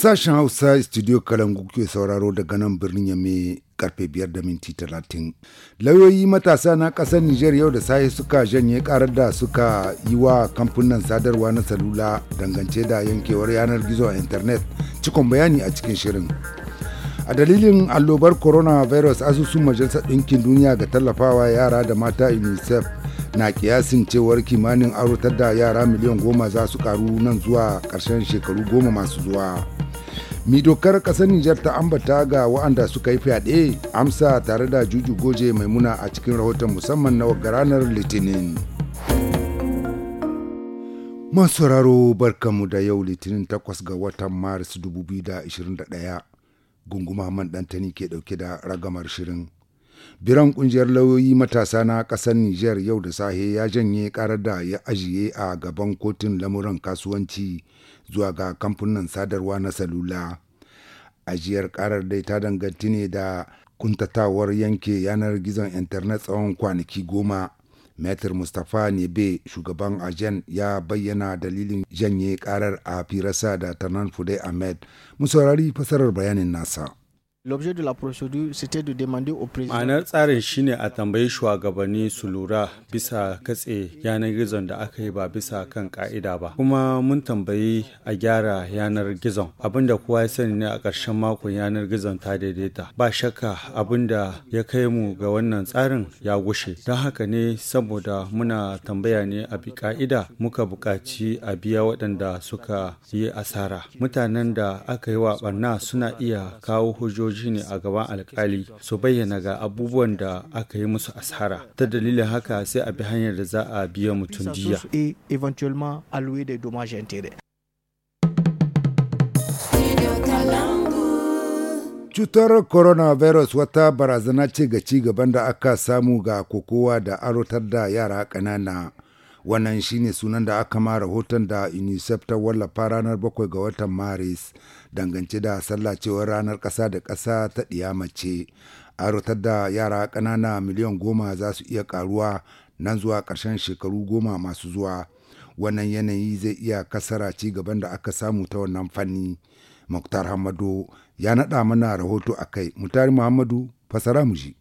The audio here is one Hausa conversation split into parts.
Sashen Hausa Studio Kalangu ke sauraro daga nan birnin Yamme karfe 5 da minti 30. Lauyoyi matasa na ƙasar Nijar yau da sahi suka janye karar da suka yi wa kamfunan sadarwa na salula dangance da yankewar yanar gizo a intanet cikon bayani a cikin shirin. A dalilin allobar coronavirus asusun majalisar ɗinkin duniya ga tallafawa yara da mata UNICEF na kiyasin cewar kimanin arotar da yara miliyan goma za su karu nan zuwa karshen shekaru goma masu zuwa. mi dokar ƙasar Nijar ta ambata ga wa'anda suka yi fyaɗe amsa tare da juju goje maimuna a cikin rahoton musamman na ranar litinin. Masu sauraro barkamu da yau litinin takwas ga watan Maris 2021 gunguma man ɗantani ke ɗauke da ragamar shirin. biran kungiyar lauyoyi matasa na kasar niger yau da sahe ya janye karar da ya ajiye a gaban kotun lamuran kasuwanci zuwa ga kamfanin sadarwa na salula ajiyar karar dai ta danganci ne da kuntatawar yanke yanar gizon intanet tsawon kwanaki goma metr Mustapha Nebe shugaban ajen ya bayyana dalilin janye karar a firasa da Tanan Fude Ahmed. Mu saurari fasarar bayanin nasa. Ma'anar tsarin shine a tambayi shugabanni su lura bisa katse yanar gizon da aka yi ba bisa kan ka'ida ba. Kuma mun tambayi a gyara yanar gizon. Abinda kowa ya sani ne a ƙarshen makon yanar gizon ta daidaita. Ba shakka abinda ya kai mu ga wannan tsarin ya gushe. Don haka ne saboda muna tambaya ne a bi ka'ida muka buƙaci a biya waɗanda suka yi asara. Mutanen da aka yi wa ɓarna suna iya kawo hujjoji shi ne a gaban alkali su bayyana ga abubuwan da aka yi musu asara ta dalilin haka sai a bi hanyar da za a biya mutum diya cutar coronavirus wata barazana ce ga ci gaban da aka samu ga kokowa da arotar da yara ƙanana wannan shine sunan da aka ma rahoton da unicef ta wallafa ranar bakwai ga watan maris dangance da sallacewar ranar ƙasa da ƙasa ta ɗiyamace a rotar da yara ƙanana miliyan goma za su iya ƙaruwa nan zuwa ƙarshen shekaru goma masu zuwa wannan yanayi zai iya kasara ci gaban da aka samu ta wannan fanni muktar hamadu ya naɗa mana rahoto a kai mutari muhammadu fasara mu ji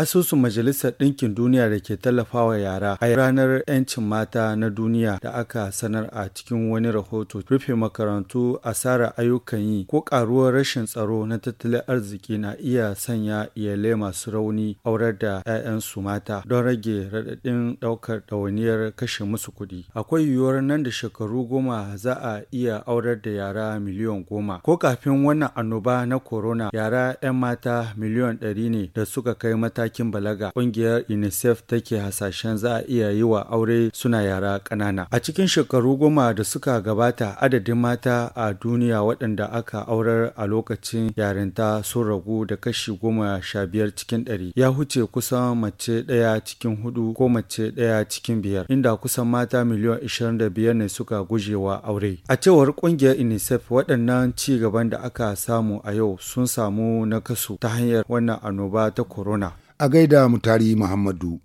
Asusun Majalisar Ɗinkin Duniya da ke tallafawa yara a ranar 'yancin mata na duniya da aka sanar a cikin wani rahoto rufe makarantu asara ayyukan yi ko karuwar rashin tsaro na tattalin arziki na iya sanya iyalai masu rauni aurar da 'ya'yansu mata don rage raɗaɗin ɗaukar ɗawainiyar kashe musu kuɗi. Akwai yiwuwar nan da shekaru goma za a iya aurar da yara miliyan goma. Ko kafin wannan annoba na corona yara 'yan mata miliyan ɗari ne da suka kai mata matakin balaga ƙungiyar unicef take hasashen za a iya yi wa aure suna yara ƙanana a cikin shekaru goma da suka gabata adadin mata a duniya waɗanda aka aurar a lokacin yarinta sun ragu da kashi goma sha biyar cikin ɗari ya huce kusan mace ɗaya cikin hudu ko mace ɗaya cikin biyar inda kusan mata miliyan biyar ne suka guje wa aure a cewar ƙungiyar unicef waɗannan ci gaban da aka samu a yau sun samu na kasu ta hanyar wannan annoba ta corona a gaida mutari Muhammadu.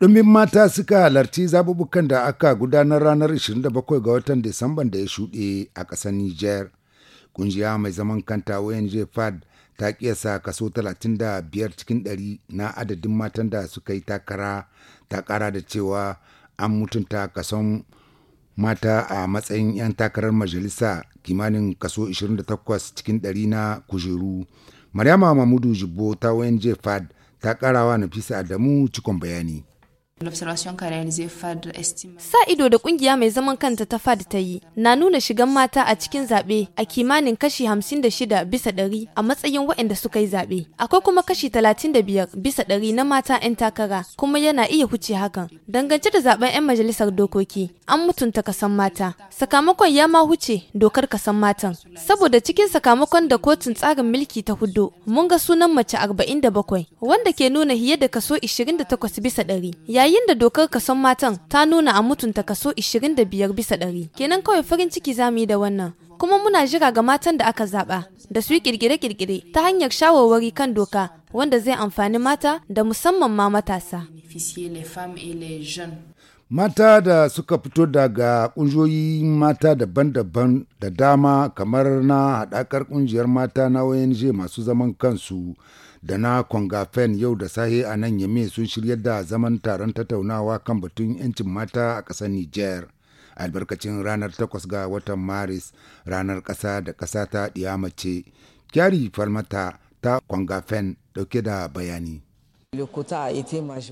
Ɗumbin mata suka halarci zaɓuɓɓukan da aka gudanar ranar 27 ga watan Disamban da ya shuɗe a ƙasar Nijar. Ƙungiya mai zaman kanta ONG FAD ta ƙiyasa kaso 35 cikin 100 na adadin matan da suka yi takara ta ƙara da cewa an mutunta kason mata a matsayin 'yan takarar majalisa kimanin kaso 28 cikin 100 na kujeru. Maryama Mamudu Jibbo ta ONG FAD ta karawa Nafisa Adamu cikon bayani. Sa ido da kungiya mai zaman kanta ta FAD ta yi na nuna shigan mata a cikin zaɓe a kimanin kashi 56 bisa ɗari a matsayin waɗanda suka yi zaɓe. Akwai kuma kashi 35 bisa ɗari na mata 'yan takara kuma yana iya huce hakan. Dangance da zaɓen 'yan majalisar dokoki an mutunta kasan mata. Sakamakon ya ma huce dokar kasan matan. Saboda cikin sakamakon da kotun tsarin mulki ta hudu mun ga sunan mace 47 wanda ke nuna hiye da kaso 28 bisa ɗari. yayin da dokar kason matan ta nuna a mutunta kaso 25 bisa ɗari kenan kawai farin ciki za yi da wannan kuma muna jira ga matan da aka zaɓa da su yi ƙirƙire-ƙirƙire ta hanyar shawarwari kan doka wanda zai amfani mata da musamman ma matasa Mata da suka fito daga ƙungiyoyin mata daban-daban da dama kamar na haɗakar ƙungiyar mata na ONG masu zaman kansu da na Kongafen yau da sahe a nan Yame sun shirya da zaman taron tattaunawa kan batun 'yancin mata a ƙasar Nijar. Albarkacin ranar 8 ga watan Maris ranar ƙasa da ƙasa ta ɗiyamace. Kyari Falmata ta Kongafen ɗauke da bayani.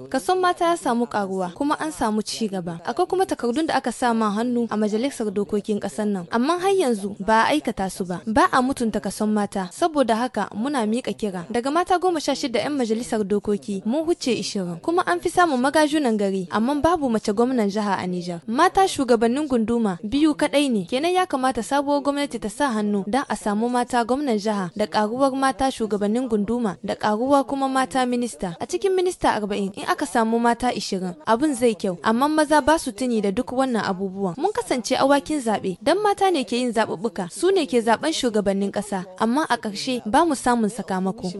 Kason mata ya samu karuwa kuma an samu ci gaba. Akwai kuma takardun da aka sa man hannu a majalisar dokokin kasar nan. Amma har yanzu ba a aikata su ba. Ba a mutunta kason mata. Saboda haka muna miƙa kira. Daga mata goma sha shida 'yan majalisar dokoki mun huce ishirin. Kuma an fi samun magajunan gari amma babu mace gwamnan jiha a Nijar. Mata shugabannin gunduma biyu kaɗai ne. Kenan ya kamata sabuwar gwamnati ta sa hannu don a samu mata gwamnan jiha da karuwar mata shugabannin gunduma da karuwar kuma mata minista. cikin minista arba'in in aka samu mata 20 abin zai kyau amma maza ba su tuni da duk wannan abubuwan mun kasance awakin zaɓe dan mata ne ke yin zaɓuɓɓuka su ne ke zaɓen shugabannin ƙasa amma a ƙarshe ba mu samun sakamako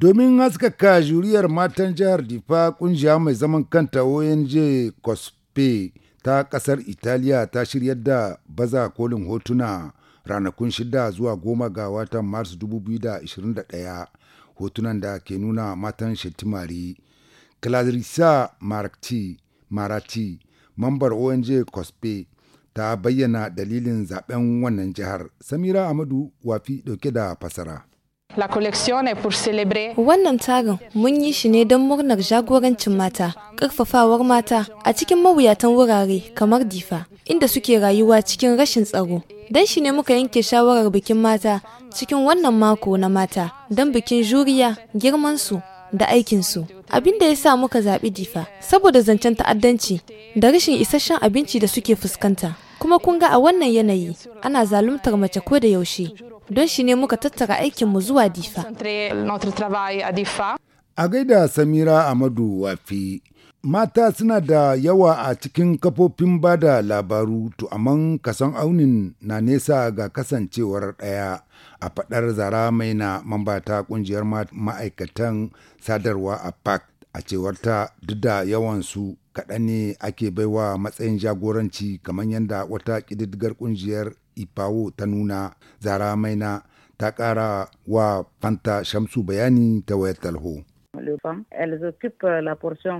domin haskaka juriyar matan jihar difa kungiya mai zaman kanta ong cospe ta kasar italiya ta shiryar da baza kolin hotuna ranakun shida zuwa goma ga watan mars 2021 hotunan da ke nuna matan shetimari clarissa marati marati mambar ong cospe ta bayyana dalilin zaben wannan jihar samira amadu wafi dauke da fasara la Wannan tarin mun yi shi ne don murnar jagorancin mata, ƙarfafawar mata a cikin mawuyatan wurare kamar difa, inda suke rayuwa cikin rashin tsaro. dan shi ne muka yanke shawarar bikin mata cikin wannan mako na mata don bikin juriya, girmansu da aikinsu. Abin da ya sa muka zaɓi difa, saboda zancen ta'addanci da rashin isasshen abinci da suke fuskanta. Kuma kun ga a wannan yanayi ana zaluntar mace ko da yaushe. Don shi ne muka tattara aikinmu zuwa difa. A gaida Samira Amadu Wafi, mata suna da yawa a cikin kafofin bada labaru to amman kasan aunin na nesa ga kasancewar daya a faɗar zara maina mambata ƙungiyar ma'aikatan sadarwa a park a cewar ta duk da yawan su kaɗan ne ake baiwa matsayin jagoranci kamar yadda wata ƙididdigar ƙungiyar ipawo ta nuna zara maina ta ƙara wa fanta shamsu bayani ta wayar talho. Eh,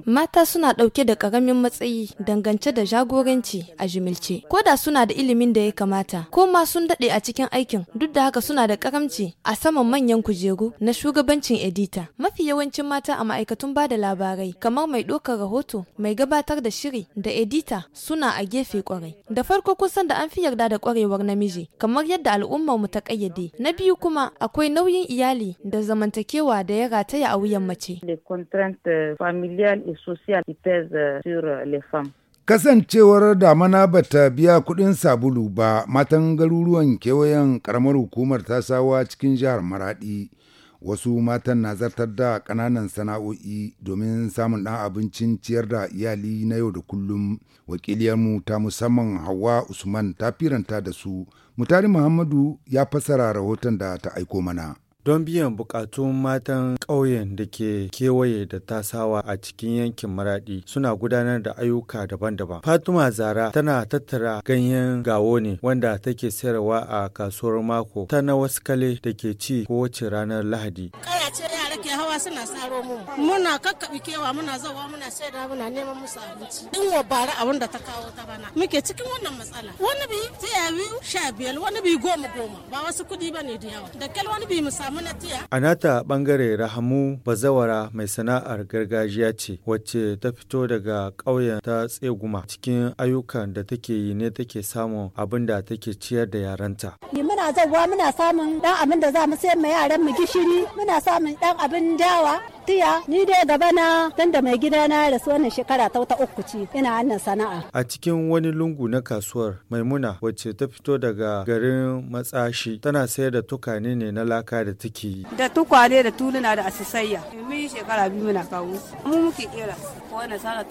mata suna ɗauke da ƙaramin matsayi dangance da jagoranci a jimilce. Ko da suna da ilimin da ya kamata, ko ma sun daɗe a cikin aikin duk da haka suna da ƙaramci a saman manyan kujeru na shugabancin edita. Mafi yawancin mata a ma'aikatun ba da labarai kamar mai ɗaukar rahoto, mai gabatar da shiri da edita suna a gefe ƙwarai, Da farko kun da an fi yarda da kwarewar namiji kamar yadda al'ummar mu ta ƙayyade. Na biyu kuma akwai nauyin iyali da zamantakewa da ya rataya a wuyan mace. les contraintes familiales et sociales qui pèsent euh, sur euh, les femmes. Kasancewar damana ba ta biya kuɗin sabulu ba matan garuruwan kewayen ƙaramar hukumar ta sawa cikin jihar Maraɗi. Wasu matan na zartar da ƙananan sana'o'i domin samun ɗan abincin ciyar da iyali na yau da kullum. Wakiliyarmu ta musamman Hawa Usman ta firanta da su. Mutari Muhammadu ya fassara rahoton da ta aiko mana. don biyan bukatun matan ƙauyen da ke kewaye da tasawa a cikin yankin maradi suna gudanar da ayyuka daban-daban. Fatima Zara tana tattara ganyen gawo ne wanda take sayarwa a kasuwar mako ta na wasu kale da ke ci kowace ranar Lahadi. suna saro mu muna kakkaɓi kewa muna zawa muna saida muna neman musu abinci din wa bara abin da ta kawo ta bana muke cikin wannan matsala wani bi tiya biyu sha biyar wani bi goma goma ba wasu kuɗi ba ne da yawa da kyal wani bi mu samu na tiya. anata bangare rahamu bazawara mai sana'ar gargajiya ce wacce ta fito daga ƙauyen ta tseguma cikin ayyukan da take yi ne take samun abin da take ciyar da yaranta. muna zawa muna samun dan abin da za mu sayar ma yaran mu gishiri muna samun dan abin da dawa tiya ni dai gaba na dan da mai gida na rasu wannan shekara ta wata uku ce ina wannan sana'a a cikin wani lungu na kasuwar maimuna wacce ta fito daga garin matsashi tana sayar da tukane ne na laka da take da tukwane da tuluna da asisayya mun shekara biyu muna kawo mu muke kera wannan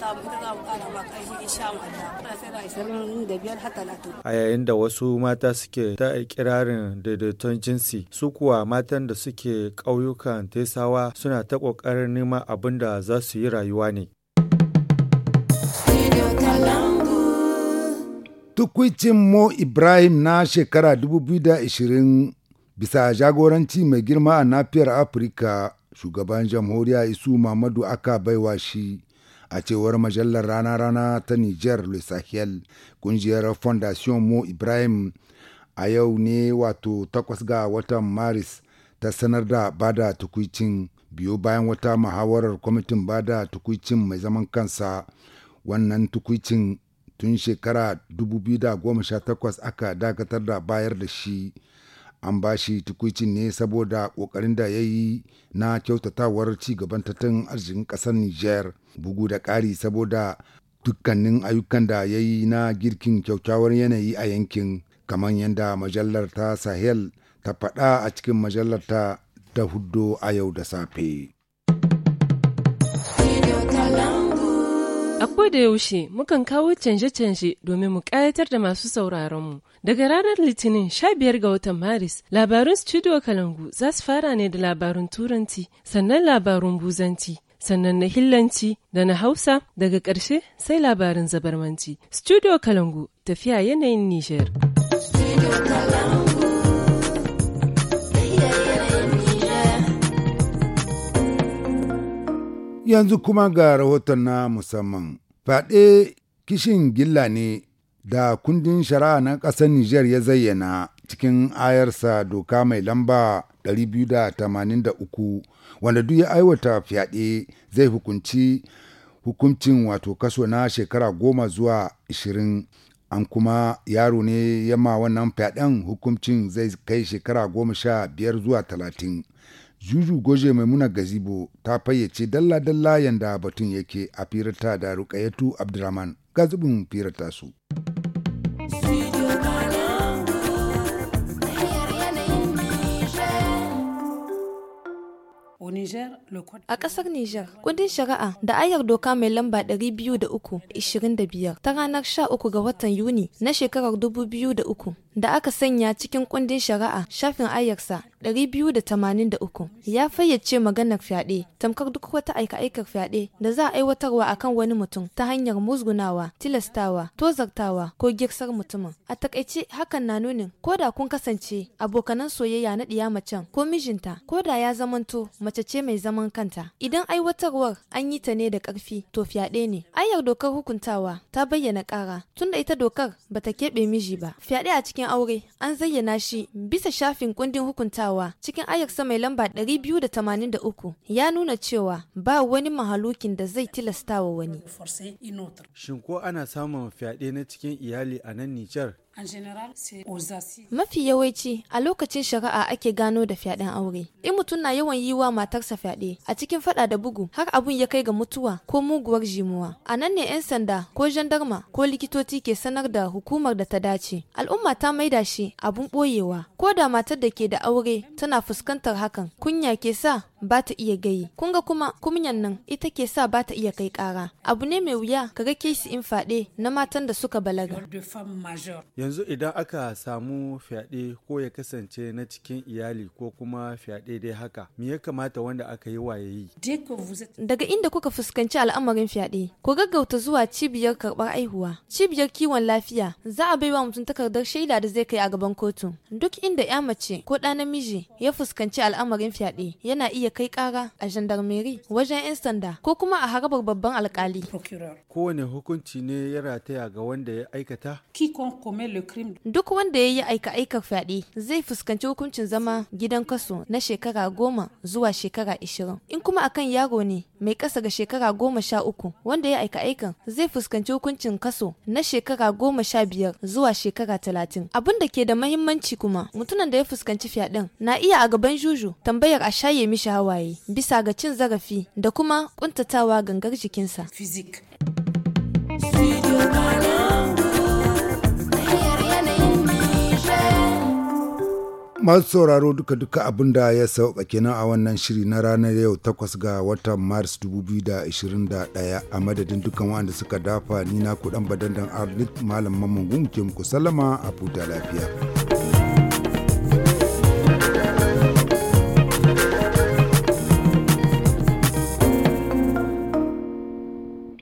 da a yayin da wasu mata suke ta ikirarin daidaiton jinsi su kuwa matan da suke ƙauyukan tesawa suna ta kokarin neman abin da za su yi rayuwa ne. Tukwicin Mo Ibrahim na shekara 2020 bisa jagoranci mai girma a nafiyar Afirka shugaban jamhuriya Isu Muhammadu aka baiwa shi a cewar majalar rana-rana ta niger le sahel kungiyar fondation mo ibrahim a yau ne wato takwas ga watan maris ta sanar da bada tukuicin biyu bayan wata muhawarar kwamitin bada tukuicin mai zaman kansa wannan tukuicin tun shekara 2018 aka dakatar da bayar da shi an ba shi tukuicin ne saboda ƙoƙarin da ya yi na kyautatawar cigaban tattalin arzikin ƙasar niger bugu da ƙari saboda dukkanin ayyukan da ya yi na girkin kyaukyawar yanayi a yankin kamar yadda majallar ta sahel ta faɗa a cikin majallar ta da hudu a yau da safe. da yaushe mukan kawo canje-canje domin mu ƙayatar da masu sauraronmu. Daga ranar Litinin 15 ga watan Maris, labarun Studio Kalangu za su fara ne da labarun Turanci, sannan labarun Buzanci, sannan na Hillanci da na Hausa daga ƙarshe sai labarin Zabarmanci. Studio Kalangu tafiya yanayin Nijar. Yanzu kuma ga rahoton na musamman. Faɗe kishin gilla ne da kundin shari'a na ƙasar Nijar ya zayyana cikin ayarsa doka mai lamba 283 wanda duk ya aiwata fyaɗe zai hukunci hukuncin wato kaso na shekara goma zuwa 20 an kuma yaro ne ma wannan fyaɗen hukuncin zai kai shekara goma sha biyar zuwa talatin Juju Goje Maimuna Gazibo ta fayyace dalla-dalla yanda batun yake a firata da Rukayatu abdulrahman ga zubin su. A ƙasar Nijar, kundin shari'a da ayar doka mai lamba 203 biyar ta ranar 13 ga watan Yuni na shekarar 2003 da aka sanya cikin kundin shari'a shafin ayyarsa 283 ya fayyace maganar fyaɗe tamkar duk wata aika-aikar fyaɗe da za a aiwatarwa a kan wani mutum ta hanyar musgunawa tilastawa tozartawa ko girsar mutumin a takaice hakan na nunin ko da kun kasance abokanan soyayya na ɗiya macen ko mijinta ko da ya zamanto mace ce mai zaman kanta idan aiwatarwar an yi ta ne da ƙarfi to fyaɗe ne ayyar dokar hukuntawa ta bayyana ƙara tunda ita dokar bata keɓe miji ba fyaɗe a cikin bayan aure an zayyana shi bisa shafin kundin hukuntawa cikin ayaksa mai lamba 283 ya nuna cewa ba wani mahalukin da zai tilastawa wani. Shin ko ana samun fyaɗe na cikin iyali a nan Nijar? Mafi yawanci a lokacin shari'a ake gano da fyaɗen aure. In mutum na yawan yi wa matarsa fyaɗe a cikin faɗa da bugu har abun ya kai ga mutuwa ko muguwar jimuwa. A nan ne 'yan sanda ko jandarma ko likitoci ke sanar da hukumar da ta dace. Al'umma ta maida shi abun ɓoyewa. Ko da matar da ke da aure tana fuskantar hakan kunya ke sa ba ta iya gayi. Kun ga kuma kunyan nan ita ke sa ba ta iya kai kara Abu ne mai wuya ka ga kesi in fyaɗe na matan da suka balaga. yanzu idan aka samu fyaɗe ko ya kasance na cikin iyali ko kuma fyaɗe dai haka me ya kamata wanda aka yi waye yi daga inda kuka fuskanci al'amarin fyaɗe ku gaggauta zuwa cibiyar karɓar aihuwa cibiyar kiwon lafiya za a baiwa mutum takardar shaida da zai kai a gaban kotu duk inda ya mace ko ɗa namiji ya fuskanci al'amarin fyaɗe yana iya kai ƙara a gendarmerie wajen 'yan sanda ko kuma a harabar babban alkali kowane hukunci ne ya rataya ga wanda ya aikata Duk wanda ya yi aika-aikar fyaɗe zai fuskanci hukuncin zama gidan kaso na shekara goma zuwa shekara ishirin. In kuma akan yaro ne mai ƙasa ga shekara goma sha uku wanda ya aika-aikan zai fuskanci hukuncin kaso na shekara goma sha biyar zuwa shekara talatin. Abin da ke da mahimmanci kuma mutumin da ya fuskanci fyaɗen na iya a gaban juju tambayar a shaye mishi hawaye bisa ga cin zarafi da kuma ƙuntatawa gangar jikinsa. Physique. masu sauraro duka-duka abin da ya sauka kenan a wannan shiri na ranar yau takwas ga watan Maris 2021 a madadin dukkan waɗanda suka dafa ni na kudan badandan Arlit Malam Mamman Gumke muku sallama a lafiya. lafiya.